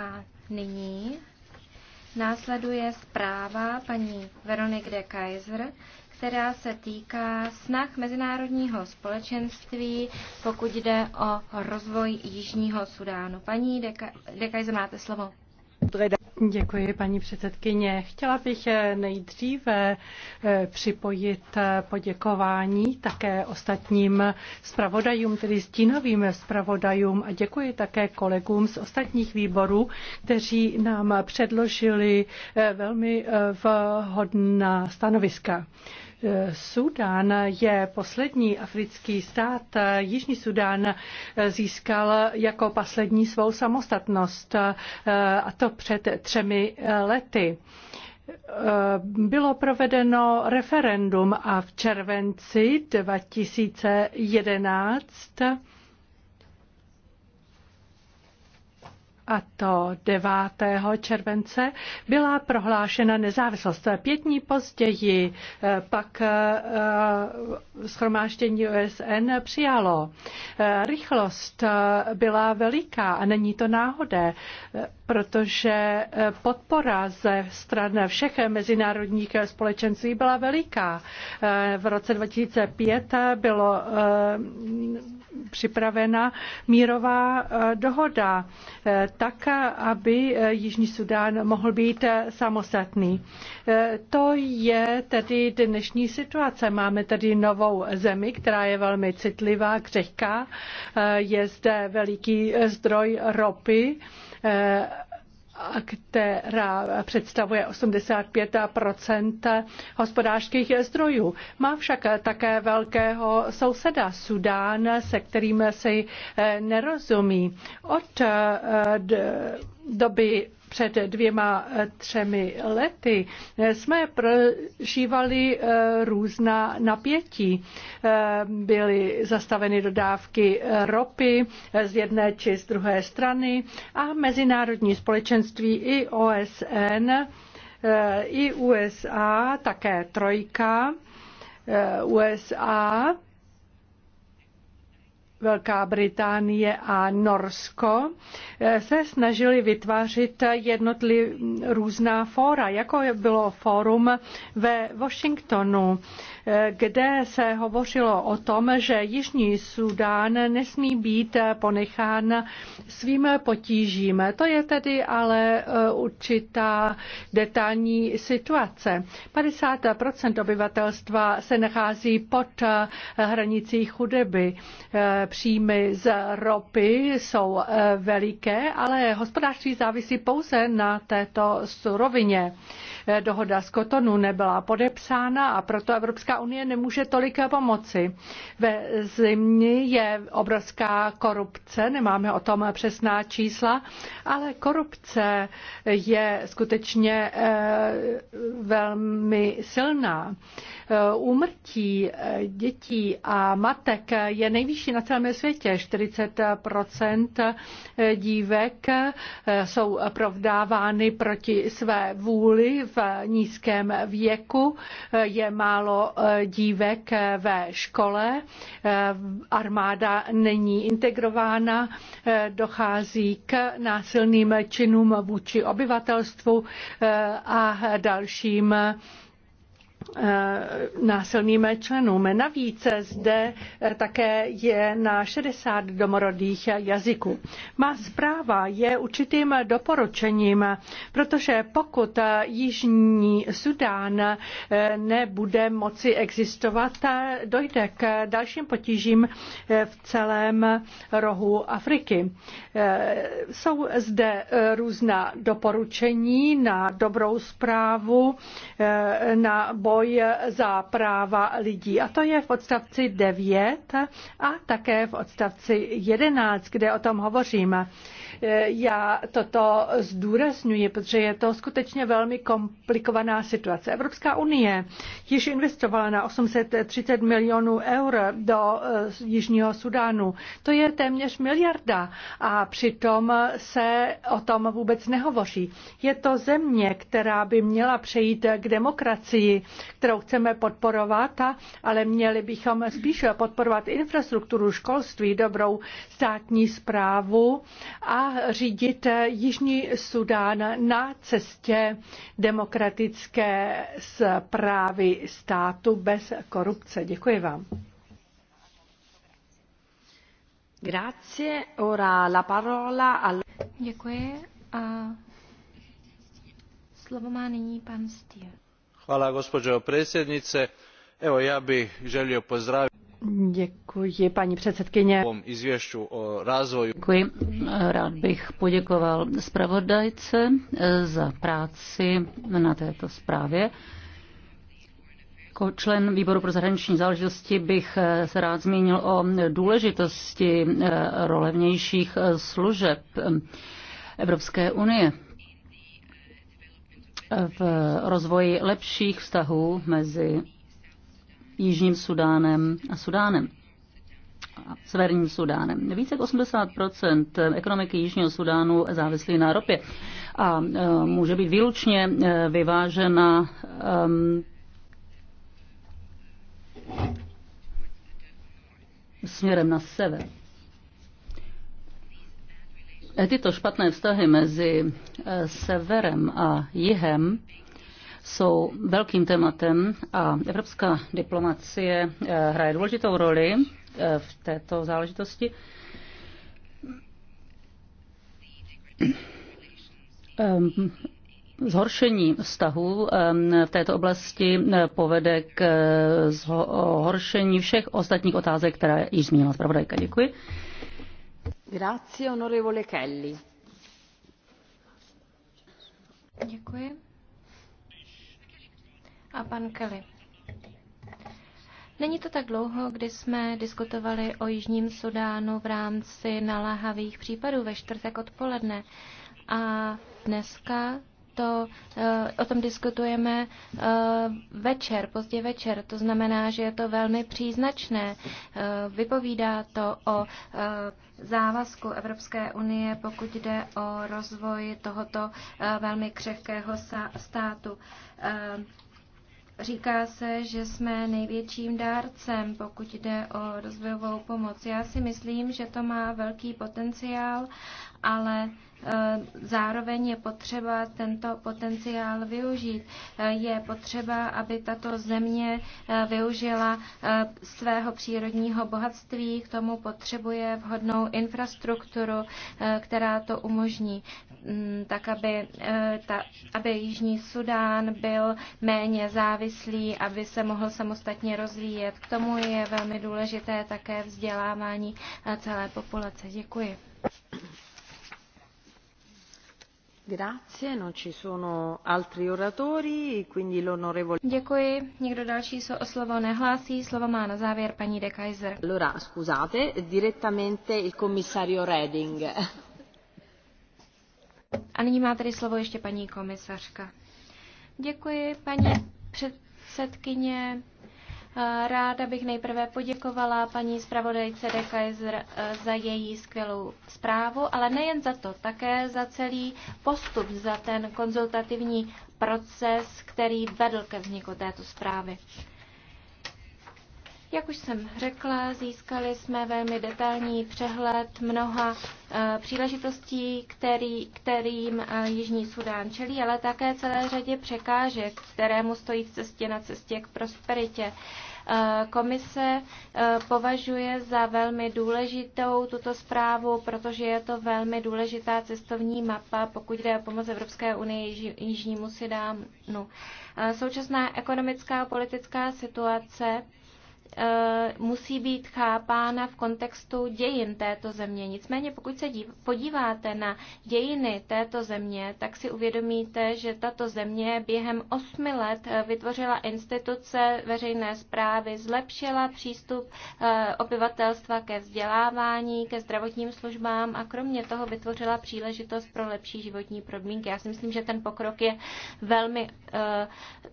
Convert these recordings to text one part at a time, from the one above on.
A nyní následuje zpráva paní Veronik de Kaiser, která se týká snah mezinárodního společenství, pokud jde o rozvoj Jižního Sudánu. Paní de, Ka- de Kaiser, máte slovo. Děkuji, paní předsedkyně. Chtěla bych nejdříve eh, připojit eh, poděkování také ostatním zpravodajům, tedy stínovým zpravodajům a děkuji také kolegům z ostatních výborů, kteří nám předložili eh, velmi vhodná stanoviska. Sudán je poslední africký stát. Jižní Sudán získal jako poslední svou samostatnost, a to před třemi lety bylo provedeno referendum a v červenci 2011 a to 9. července, byla prohlášena nezávislost. Pět dní později eh, pak eh, schromáždění OSN přijalo. Eh, rychlost byla veliká a není to náhoda, protože podpora ze stran všech mezinárodních společenství byla veliká. V roce 2005 bylo připravena mírová eh, dohoda, eh, tak, aby eh, Jižní Sudán mohl být samostatný. To je tedy dnešní situace. Máme tady novou zemi, která je velmi citlivá, křehká. Je zde veliký zdroj ropy která představuje 85 hospodářských zdrojů. Má však také velkého souseda Sudán, se kterým si nerozumí. Od eh, doby před dvěma eh, třemi lety eh, jsme prožívali eh, různá napětí. Byly zastaveny dodávky ropy z jedné či z druhé strany a mezinárodní společenství i OSN, i USA, také trojka USA Velká Británie a Norsko eh, se snažili vytvářet jednotliv různá fóra, jako bylo fórum ve Washingtonu, eh, kde se hovořilo o tom, že Jižní Sudán nesmí být ponechán svým potížím. To je tedy ale eh, určitá detailní situace. 50 obyvatelstva se nachází pod hranicí chudoby příjmy z ropy jsou eh, veliké, ale hospodářství závisí pouze na této surovině. Eh, dohoda z Kotonu nebyla podepsána a proto Evropská unie nemůže tolik pomoci. Ve zimě je obrovská korupce, nemáme o tom přesná čísla, ale korupce je skutečně eh, velmi silná. Úmrtí dětí a matek je nejvyšší na celém celém světě. 40 dívek eh, jsou provdávány proti své vůli v nízkém věku. Eh, je málo eh, dívek ve škole. Armáda není integrována. Dochází k násilným činům vůči obyvatelstvu a dalším Eh, násilným členům. Navíc zde eh, také je na 60 domorodých jazyků. Má zpráva je určitým doporučením, protože pokud Jižní Sudán eh, nebude moci existovat, dojde k dalším potížím v celém rohu Afriky. Jsou zde různá doporučení na dobrou zprávu, na boj za práva lidí. A to je v odstavci 9 a také v odstavci 11, kde o tom hovořím. Já toto zdůrazňuji, protože je to skutečně velmi komplikovaná situace. Evropská unie již investovala na 830 milionů eur do eh, Jižního Sudánu. To je téměř miliarda a přitom se o tom vůbec nehovoří. Je to země, která by měla přejít k demokracii, kterou chceme podporovat, ale měli bychom spíše podporovat infrastrukturu, školství, dobrou státní zprávu a řídit Jižní Sudán na cestě demokratické zprávy státu bez korupce. Děkuji vám. Grazie. Ora la parola al... Děkuji. A slovo má nyní pan Stier. Hvala, gospođo predsjednice. Evo, ja bih želio pozdraviti... Děkuji, paní předsedkyně. ...izvěšťu o razvoju. Děkuji. Rád bych poděkoval zpravodajce eh, za práci na této zprávě. Jako člen výboru pro zahraniční záležitosti bych eh, se rád zmínil o důležitosti eh, rolevnějších eh, služeb Evropské unie v rozvoji lepších vztahů mezi Jižním Sudánem a Sudánem. A Severním Sudánem. Více jak 80 ekonomiky Jižního Sudánu závislí na ropě a může být výlučně vyvážena ehm, směrem na sever. E, tyto špatné vztahy mezi e, severem a jihem jsou velkým tématem a evropská diplomacie e, hraje důležitou roli v této záležitosti. Um, zhoršení vztahů v této oblasti eh, povede k eh, zhoršení všech ostatních otázek, které již zmínila zpravodajka. Děkuji. Grazie, onorevole Kelly. Děkuji. A pan Kelly. Není to tak dlouho, kdy jsme diskutovali o Jižním Sudánu v rámci naláhavých případů ve čtvrtek odpoledne. A dneska to, eh, o tom diskutujeme eh, večer, pozdě večer. To znamená, že je to velmi příznačné. Eh, vypovídá to o závazku Evropské unie, pokud jde o rozvoj tohoto velmi křehkého státu. Říká se, že jsme největším dárcem, pokud jde o rozvojovou pomoc. Já si myslím, že to má velký potenciál, ale e, zároveň je potřeba tento potenciál využít. E, je potřeba, aby tato země e, využila svého přírodního bohatství, k tomu potřebuje vhodnou infrastrukturu, která to umožní, mm, tak aby, ta, aby Jižní Sudán byl méně závislý závislý, aby se mohl samostatně rozvíjet. K tomu je velmi důležité také vzdělávání eh, celé populace. Děkuji. Grazie, non ci sono altri oratori, quindi l'onorevole... Děkuji, někdo další se o slovo nehlásí, slovo má na závěr paní de Kaiser. Allora, scusate, direttamente il commissario Reding. A nyní má tedy slovo ještě paní komisařka. Děkuji, paní předsedkyně. Eh, ráda bych nejprve poděkovala paní zpravodajce de Kaiser eh, za její skvělou zprávu, ale nejen za to, také za celý postup, za ten konzultativní proces, který vedl ke vzniku této zprávy. Jak už jsem řekla, získali jsme velmi detailní přehled mnoha eh, příležitostí, který, kterým eh, Jižní Sudán čelí, ale také celé řadě překážek, kterému stojí v cestě na cestě k prosperitě. Eh, komise považuje za velmi důležitou tuto zprávu, protože je to velmi důležitá cestovní mapa, pokud jde o pomoc Evropské unii Jižnímu Sudánu. Současná ekonomická a politická situace E, musí být chápána v kontextu dějin této země. Nicméně, pokud se podíváte na dějiny této země, tak si uvědomíte, že tato země během osmi let e, vytvořila instituce veřejné zprávy, zlepšila přístup e, obyvatelstva ke vzdělávání, ke zdravotním službám a kromě toho vytvořila příležitost pro lepší životní podmínky. Já si myslím, že ten pokrok je velmi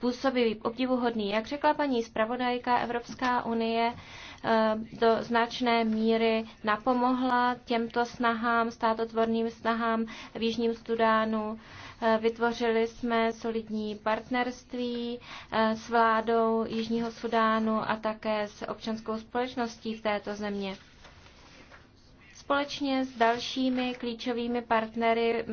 působivý, obdivuhodný. Jak řekla paní zpravodajka, Evropská unie eh, do značné míry napomohla těmto snahám, státotvorným snahám v Jižním Sudánu. Eh, vytvořili jsme solidní partnerství eh, s vládou Jižního Sudánu a také s občanskou společností v této země. Společně s dalšími klíčovými partnery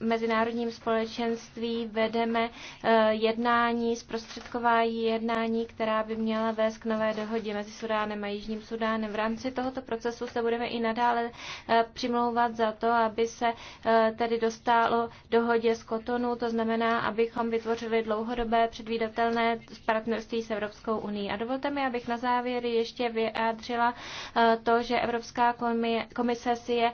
mezinárodním společenství vedeme eh, jednání, zprostředkování jednání, která by měla vést k nové dohodě mezi Sudánem a Jižním Sudánem. V rámci tohoto procesu se budeme i nadále eh, přimlouvat za to, aby se eh, tedy dostalo dohodě z Kotonu, to znamená, abychom vytvořili dlouhodobé předvídatelné partnerství s Evropskou unii. A dovolte mi, abych na závěr ještě vyjádřila to, že Evropská komise se si je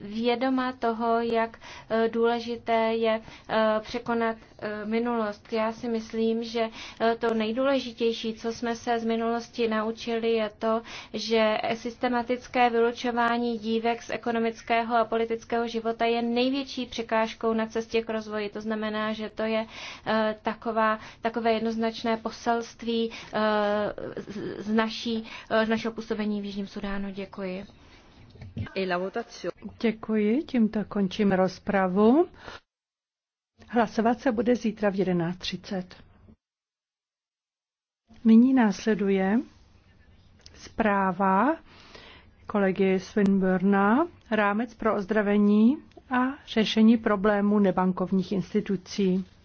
vědoma toho, jak eh, důležité je eh, překonat eh, minulost. Já si myslím, že to nejdůležitější, co jsme se z minulosti naučili, je to, že systematické vylučování dívek z ekonomického a politického života je největší překážkou na cestě k rozvoji. To znamená, že to je taková, takové jednoznačné poselství z, naší, z našeho působení v Jižním Sudánu. Děkuji. E Děkuji, tímto končím rozpravu. Hlasovat se bude zítra v 11.30. Nyní následuje zpráva kolegy Swinburna, rámec pro ozdravení a řešení problémů nebankovních institucí.